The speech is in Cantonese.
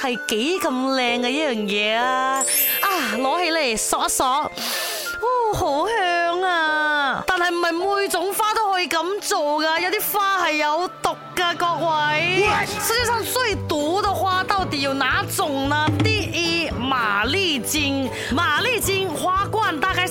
係幾咁靚嘅一樣嘢啊，啊！啊，攞起嚟索一索，哦，好香啊！但係唔係每種花都可以咁做噶，有啲花係有毒噶，各位。世界上最毒的花到底有哪種呢？第一，馬利筋，馬利筋花。